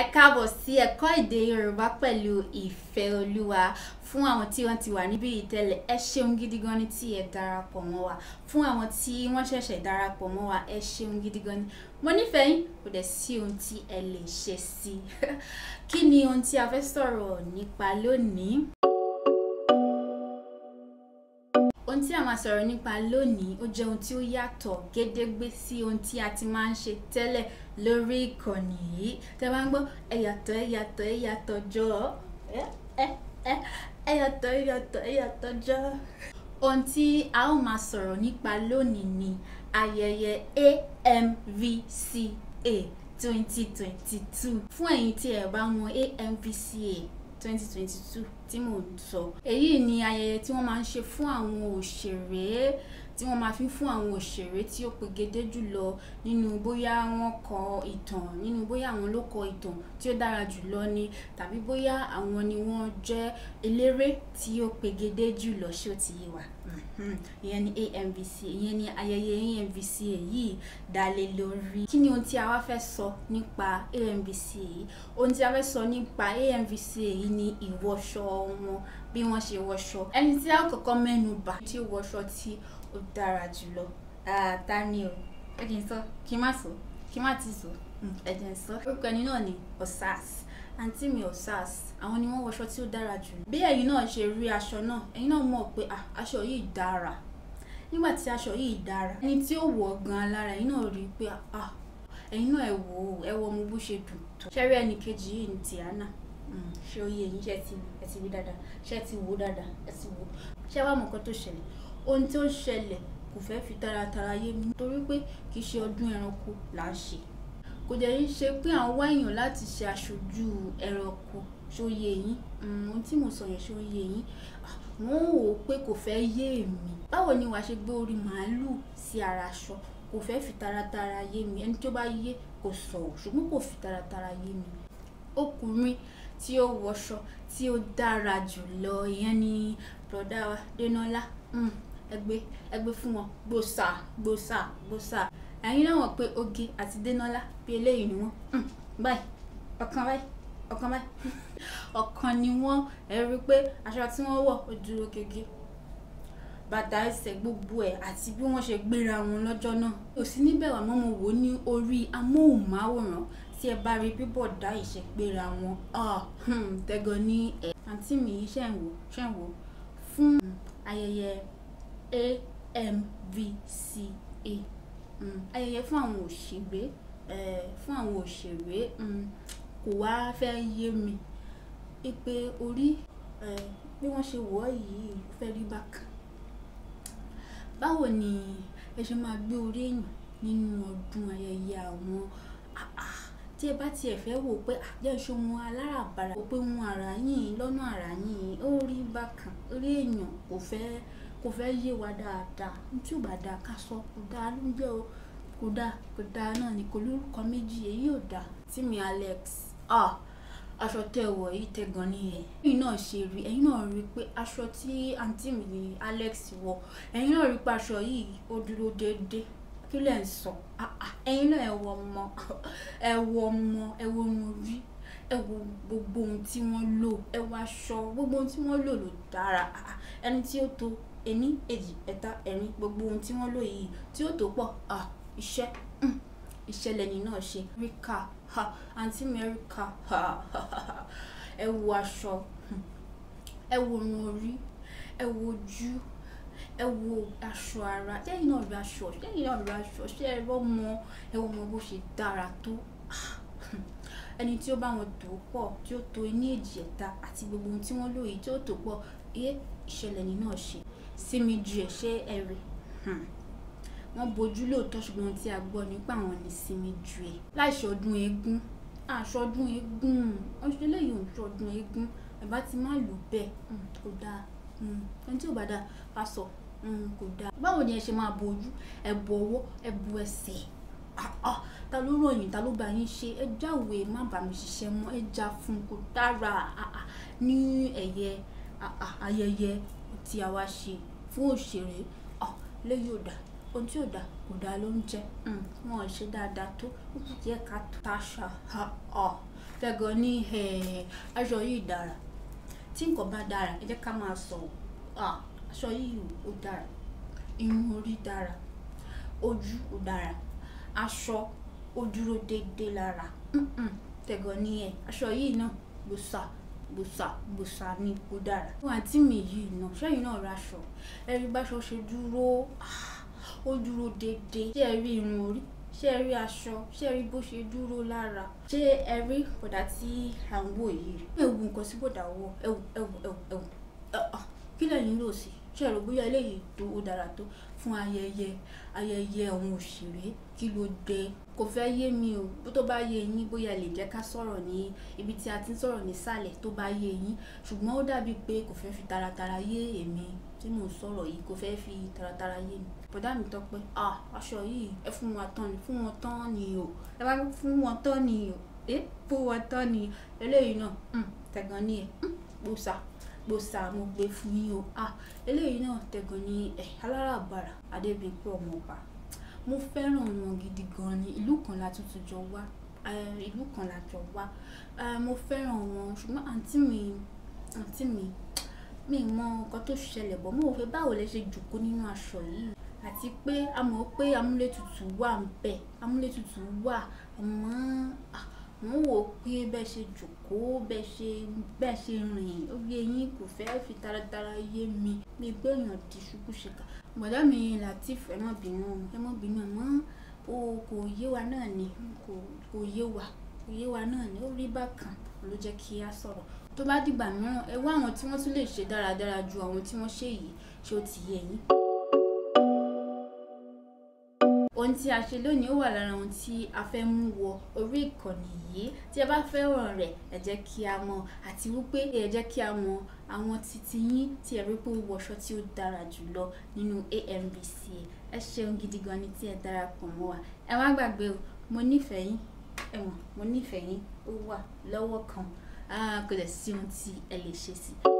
ẹ káàbọ̀ sí ẹ̀kọ́ èdè yorùbá pẹ̀lú ìfẹ́ olúwa fún àwọn tí wọ́n ti wà níbí ìtẹ́lẹ̀ ẹ ṣeun gidi gan ni tí ẹ darapọ̀ mọ́ wa fún àwọn tí wọ́n ṣẹ̀ṣẹ̀ darapọ̀ mọ́ wa ẹ ṣeun gidi gan ni mo nífẹ̀ẹ́ yín kò dẹ̀ sí ohun tí ẹ lè ṣe sí i kí ni ohun tí a fẹ́ sọ̀rọ̀ nípa lónìí ohun tí a máa sọ̀rọ̀ nípa lónìí ó jẹ́ ohun tí ó yàtọ̀ gédégbé sí ohun tí a ti máa ń ṣe tẹ́lẹ̀ lórí ìkànnì yìí tẹ́ bá ń gbọ́ ẹ̀yàtọ̀ ẹ̀yàtọ̀ ẹ̀yàtọ̀ jọ ẹ̀yàtọ̀ ẹ̀yàtọ̀ ẹ̀yàtọ̀ jọ. ohun tí a ó máa sọ̀rọ̀ nípa lónìí ni ayẹyẹ AMVCA 2022 fún ẹ̀yin tí ẹ bá mọ̀ AMVCA 2022 twenty two tí mò ń sọ èyí ni ayẹyẹ tí wọ́n máa ń ṣe fún àwọn òṣèré tí wọ́n máa fi fún àwọn òṣèré tí ó pegedé jùlọ nínú bóyá wọ́n kọ ìtàn nínú bóyá àwọn ló kọ ìtàn tí ó dára jùlọ ni tàbí bóyá àwọn ni wọ́n jẹ́ eléré tí ó pegedé jùlọ ṣé ó ti yé wa mhm. ìyẹn ni AMVC ìyẹn ni ayẹyẹ AMVC èyí dá lé lórí kí ni ohun tí a wá fẹ́ sọ nípa AMVC èyí ohun tí a fẹ́ sọ nípa AMVC èyí ni ìwọṣọ wọn bí wọ́n ṣe wọṣọ ẹni tí a kọ́kọ́ mẹ́nu bà tí wọṣọ tí ó dára jùlọ ta ni o ẹ kì í sọ kí n má sọ kí n má ti sọ hm, ẹ jẹ́ n sọ. orúkọ ẹni náà ni Osas àǹtí mi Osas àwọn ni wọ́n wọṣọ tí ó dára jùlọ. bí ẹ̀yin náà ṣe rí aṣọ náà ẹ̀yin náà mọ̀ pé aṣọ yìí dára nígbà tí aṣọ yìí dára ẹni tí ó wọ̀ gan-an lára ẹ̀yin náà rí i pé ẹ̀yin náà ẹ wò ó ẹ wọ ọmọ bó ṣe dùn tó. ṣẹ́rí ẹnì kejì yìí ni Tihana ṣé ó yé yín ṣe ti ẹ ti rí dáadáa ṣe ti wò dáadáa ẹ ti wò ṣé wàá mọ nǹkan tó ṣẹlẹ̀ ohun tí ó ṣẹlẹ̀ kò fẹ́ fi taratara yé mi torí pé kì í ṣe ọdún ẹranko là ń ṣe kò dẹ̀ ń ṣe pé à ń wá láti ṣe aṣojú ẹranko ṣó yé yín hmm, ohun tí mo sọ yẹn ṣó yé yín wọ́n wò ó pé kò fẹ́ yé mi báwo ni wàá ṣe gbé orí màálù sí ara aṣọ kò fẹ́ fi taratara yé mi ẹni tó bá yé kò sọ̀rọ̀ ṣùgbọ́n kò fi taratara yé mi ọkùnrin tí ó wọṣọ tí ó dára jùlọ ìyẹn ni bọ̀dá wa Denola ẹgbẹ́ ẹgbẹ́ fún wọn gbòòsà gbòòsà gbòòsà ẹ̀yin náà wọ̀ pé Oge àti Denola bí eléyìí ni wọ́n hmm, báyìí ọ̀kan báyìí ọ̀kan báyìí ọ̀kan ni wọ́n ẹ rí pé aṣọ tí wọ́n wọ̀ ó dúró gègé bàtà ẹsẹ̀ gbogbo ẹ̀ àti bí wọ́n ṣe gbéra wọn lọ́jọ́ náà kò sí níbẹ̀ wà mọ́ mo wò ó ní orí amóhùnmáwòrán tí ẹ bá rí bí bọ̀dá ìṣègbéra wọn ah, hmm, tẹ́gọ ní ẹ̀. àǹtí mi ṣẹ̀ ń wò ṣẹ̀ ń wò fún hmm, ayẹyẹ AMVCA hmm, ayẹyẹ fún àwọn òṣèré fún àwọn òṣèré kò wá fẹ́ yé mi ìpè orí bí wọ́n ṣe wọ̀ ọ́ yìí fẹ́ rí bákan báwo ni ẹ ṣe máa gbé orí èèyàn nínú ọdún ayẹyẹ àwọn tí ẹ bá ti ẹ̀fẹ́ wò pé àjẹsọ wọn aláràbarà pé wọn ara yìí lọ́nà ara yìí ó rí bákan rí èèyàn kò fẹ́ kò fẹ́ yé wa dáadáa tí ò bá dáa ká sọ o náà ni kò lórúkọ méjì èyí ò dáa tí mi Alex ah aṣọ wọ̀ yìí tẹ gan ni ẹ náà ṣe rí náà rí pé aṣọ tí àǹtí mi Alex náà rí kí lẹ̀ ń sọ ẹ̀yin náà ẹ wo ọmọ ẹ wo ọmọ ẹ wo ọmọ rí ẹ wo gbogbo ohun tí wọ́n lò ẹ wo aṣọ gbogbo ohun tí wọ́n lò ló dára ah, ah, ẹni tí ó tó ení èjì ẹ̀ta ẹ̀rin gbogbo ohun tí wọ́n lò yìí tí ó tó pọ̀ ah, iṣẹ́ hmm, iṣẹ́ lẹni náà ṣe ríkà àǹtí mẹ́ríkà ẹ wo aṣọ hmm, ẹ wo irun orí ẹ wo ojú ẹ wo aṣọ ara lẹ́yìn náà rí aṣọ lẹ́yìn náà rí aṣọ ṣé ẹ rọ́mọ ẹ wọ́n mọ bó ṣe dára tó ẹni tí ó bá wọn tò pọ̀ tí ó to ní èjì ẹ̀ta àti gbogbo ohun tí wọ́n lò yìí tí ó tò pọ̀ iye ìṣẹ̀lẹ̀ ní náà ṣe sinmi ju ẹ̀ṣẹ̀ ẹ̀rẹ̀ hmm. wọ́n bojú lóòótọ́ ṣùgbọ́n ohun tí a gbọ́ nípa àwọn ní sinmi ju ẹ̀ láìṣe ọdún eégún àṣọ ọdún eégún ọdún eégún ẹ̀ ti má lù bẹ́ẹ̀ hmm, kò dáa Hmm, ẹni tí ò bá dáa á sọ hmm, kò dáa báwo ni ẹ ṣe máa bo ojú ẹ bo ọwọ́ ẹ bo ẹsẹ̀ ah, ah, ta ló ròyìn ta ló bá yín ṣe ẹ jáwèé má bà mí ṣiṣẹ́ mọ́ ẹ já fún kò dára ah, ní ẹ̀yẹ ayẹyẹ tí a wá ṣe fún òṣèré lẹ́yìn ò dá ohun tí ò dáa kò dáa ló ń jẹ hmm, wọn ò ṣe dáadáa tó ó kù ká tó. tasha fẹ́gàn ní eh, aṣọ yìí dára tí nǹkan bá dára ẹ jẹ́ ká máa sọ aṣọ yìí ó dára irun orí dára ojú ó dára aṣọ ó dúró déédéé lára tẹ̀gọ̀ ni ẹ̀ aṣọ yìí náà gbòòsà gbòòsà gbòòsà ni ó dára. fún àǹtí mi yìí náà ṣẹ́yìn náà raṣọ ẹ rí báṣọ ṣe dúró ó dúró déédéé ṣé ẹ rí irun orí ṣé ẹ rí aṣọ ṣé ẹ rí bó ṣe dúró lára ṣé ẹ rí bọ̀dá tí à ń wò yìí. mi ò gbogbo nǹkan sí bòdà owó ẹwù ẹwù ẹwù ẹwù ah, ah. kí lẹ́yìn rò sí ṣe rò bóyá eléyìí tó o dára tó fún ayẹyẹ ayẹyẹ àwọn òṣèré kí ló dé kò fẹ́ yé mi o bó tó bá yé yín bóyá lè jẹ́ ká sọ̀rọ̀ ní ibi tí a ti ń sọ̀rọ̀ nísàlẹ̀ tó bá yé yín ṣùgbọ́n ó dàbí pé kò fẹ́ fi taratara yé èmi tí mò ń sọ̀rọ̀ yìí kò fẹ́ fi taratara yé mi bọ̀dá mi tọpẹ́ ah aṣọ yìí ẹ fún wọn tán ni fún wọn tán ni o ẹ bá fún wọn tán ni o ẹ fowó tọ́ ni eléyìí náà hmm. tẹ̀gàn ni ẹ̀ gbòòsà hmm, gbòòsà mo gbé fún yín o ah eléyìí náà tẹ̀gàn ni ẹ̀ aláràbarà adébíyẹ̀pẹ̀ ọmọọba mo fẹ́ràn wọn gidi gan ni ìlú kan la tuntun jọ wá eh, ìlú kan la jọ wá eh, mo fẹ́ràn wọn ṣùgbọ́n àǹtí mi àǹtí mi mi mọ nǹkan tó ṣẹlẹ̀ bọ́ mo ò fẹ́ báwo lẹ ṣe jòkó nínú aṣọ yìí àti pé a mọ̀ pé amúlétutù wà ń bẹ amúlétutù wà àmọ́ ah, mò ń wò ó pé bẹ́ẹ̀ ṣe jòkóó bẹ́ẹ̀ ṣe bẹ́ẹ̀ ṣe rìn ó yé yín kò fẹ́ fi taratara yé mi bí gbẹ̀yàn di ṣubú ṣèkà bọ̀dá mi Latif ẹ má bínú ẹ má bínú mọ́ o kò yé wa náà ni kò kò yé wa kò yé wa náà ni ó rí bákan ló jẹ́ kí a sọ̀rọ̀ tó bá dìgbà mìíràn ẹ wá àwọn tí wọ́n tún lè ṣe dáradára ju àwọn tí wọ́n ṣe yìí ṣé ó ti yé yín ohun tí a ṣe lónìí ó wà lára ohun tí a fẹ́ mú wọ orí ìkànnì yìí tí ẹ bá fẹ́ràn rẹ̀ ẹ jẹ́ kí a mọ̀ àti wípé ẹ jẹ́ kí a mọ̀ àwọn titi yín tí ẹ rí pé ó wọṣọ tí ó dára jùlọ nínú AMVC ẹ ṣeun gidi gan ni tí ẹ darapọ̀ mọ́ wa ẹ má gbàgbé o mo nífẹ̀ẹ́ yín ẹ̀wọ̀n mo nífẹ̀ẹ́ yín ó wà lọ́wọ́ kan kò dẹ̀ sí ohun tí ẹ lè ṣe sí i.